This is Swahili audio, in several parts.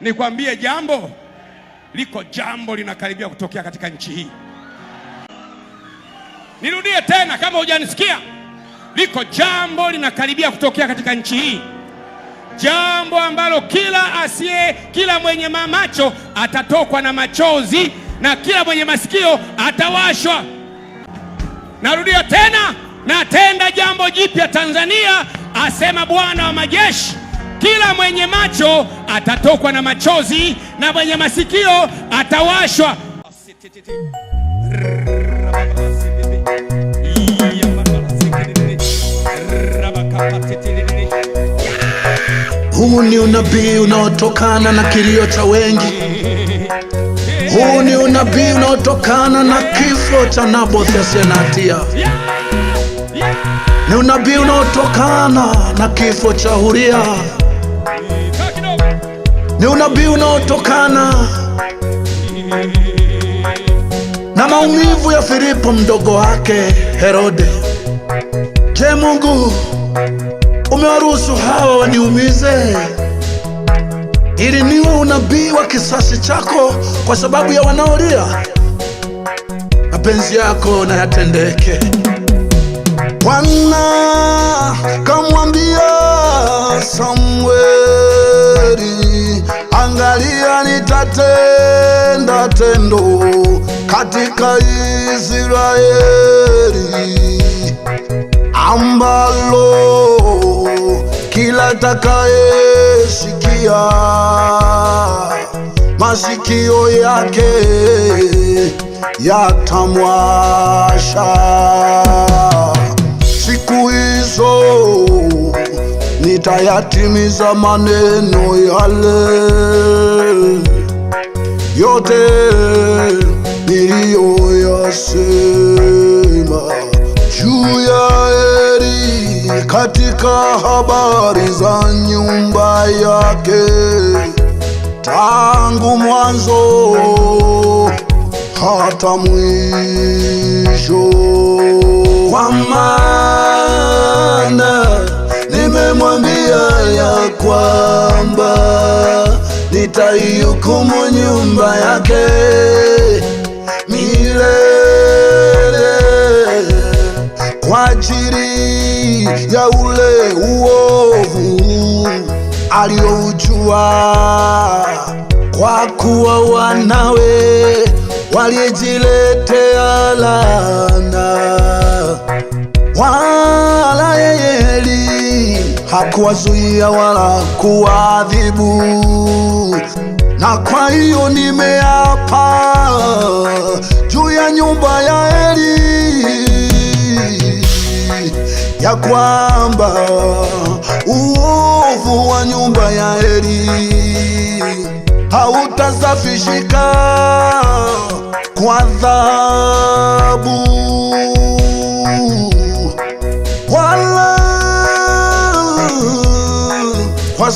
Nikwambie jambo, liko jambo linakaribia kutokea katika nchi hii. Nirudie tena kama hujanisikia, liko jambo linakaribia kutokea katika nchi hii, jambo ambalo kila asiye, kila mwenye macho atatokwa na machozi na kila mwenye masikio atawashwa. Narudia tena, natenda jambo jipya Tanzania, asema Bwana wa majeshi. Kila mwenye macho atatokwa na machozi na mwenye masikio atawashwa. Huu ni unabii unaotokana na kilio cha wengi. Huu ni unabii unaotokana na kifo cha Naboth asiye Ni unabii unaotokana na kifo cha Uria ni unabii unaotokana na maumivu ya Filipo mdogo wake Herode. Je, Mungu umewaruhusu hawa waniumize? Ili niwe unabii wa kisasi chako kwa sababu ya wanaolia. Mapenzi yako na yatendeke. Bwana kamwambia Samweli Ninalia, nitatenda tendo katika Israeli ambalo kila takayesikia masikio yake yatamwasha siku hizo nitayatimiza maneno yale yote niliyoyasema juu ya Heri katika habari za nyumba yake tangu mwanzo hata mwisho, kwa maana nimemwambia ya kwamba nitaihukumu nyumba yake milele kwa ajili ya ule uovu alioujua, kwa kuwa wanawe walijiletea laana hakuwazuia wala kuwaadhibu, na kwa hiyo nimeapa juu ya nyumba ya Eli ya kwamba uovu wa nyumba ya Eli hautasafishika kwa adhabu.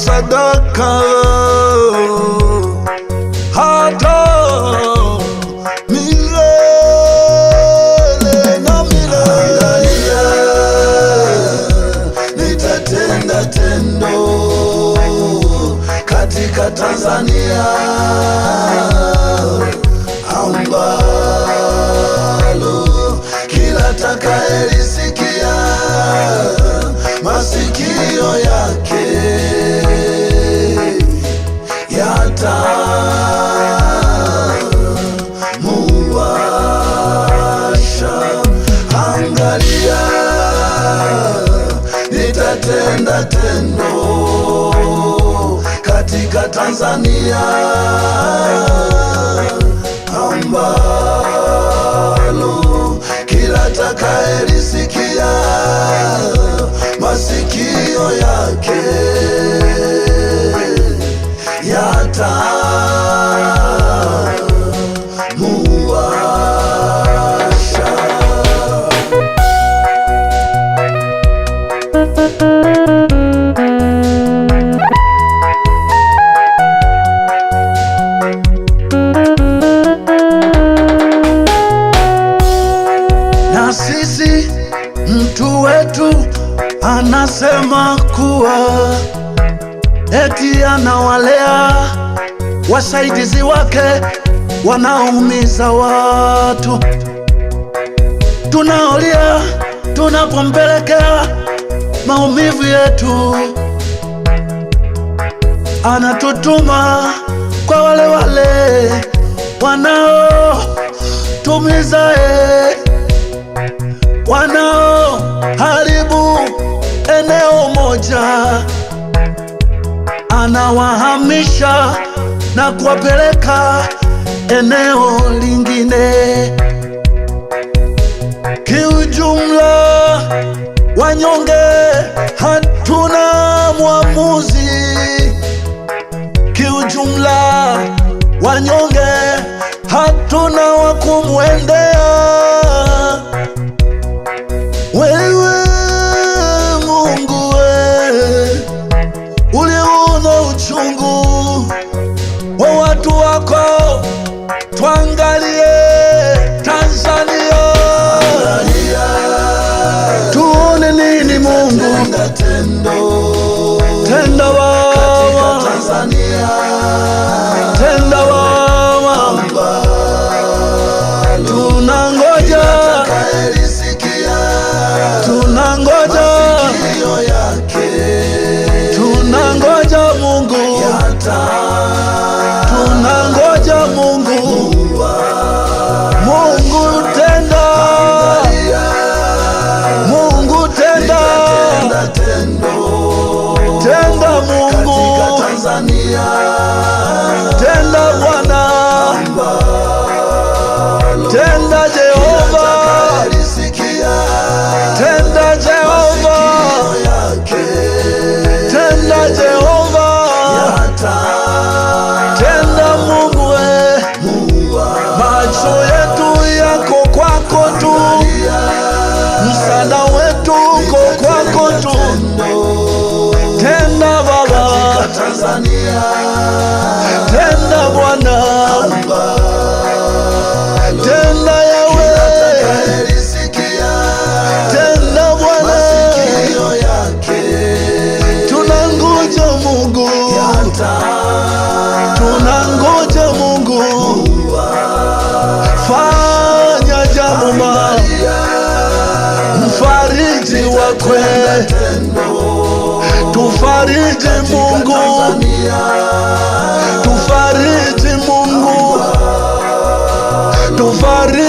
sadaka hata milele na milele, nitatenda tendo katika Tanzania. atakayelisikia masikio yake yatamuua. sisi mtu wetu anasema kuwa eti anawalea wasaidizi wake wanaumiza watu. Tunaolia tunapompelekea maumivu yetu, anatutuma kwa wale wale wanaotumiza eh wanao haribu eneo moja, anawahamisha na kuwapeleka eneo lingine. Kiujumla, wanyonge hatuna mwamuzi. Kiujumla, wanyonge hatuna wa kumwendea. Mungu, tenda kwe, tufariji Mungu, tufariji Mungu, tufariji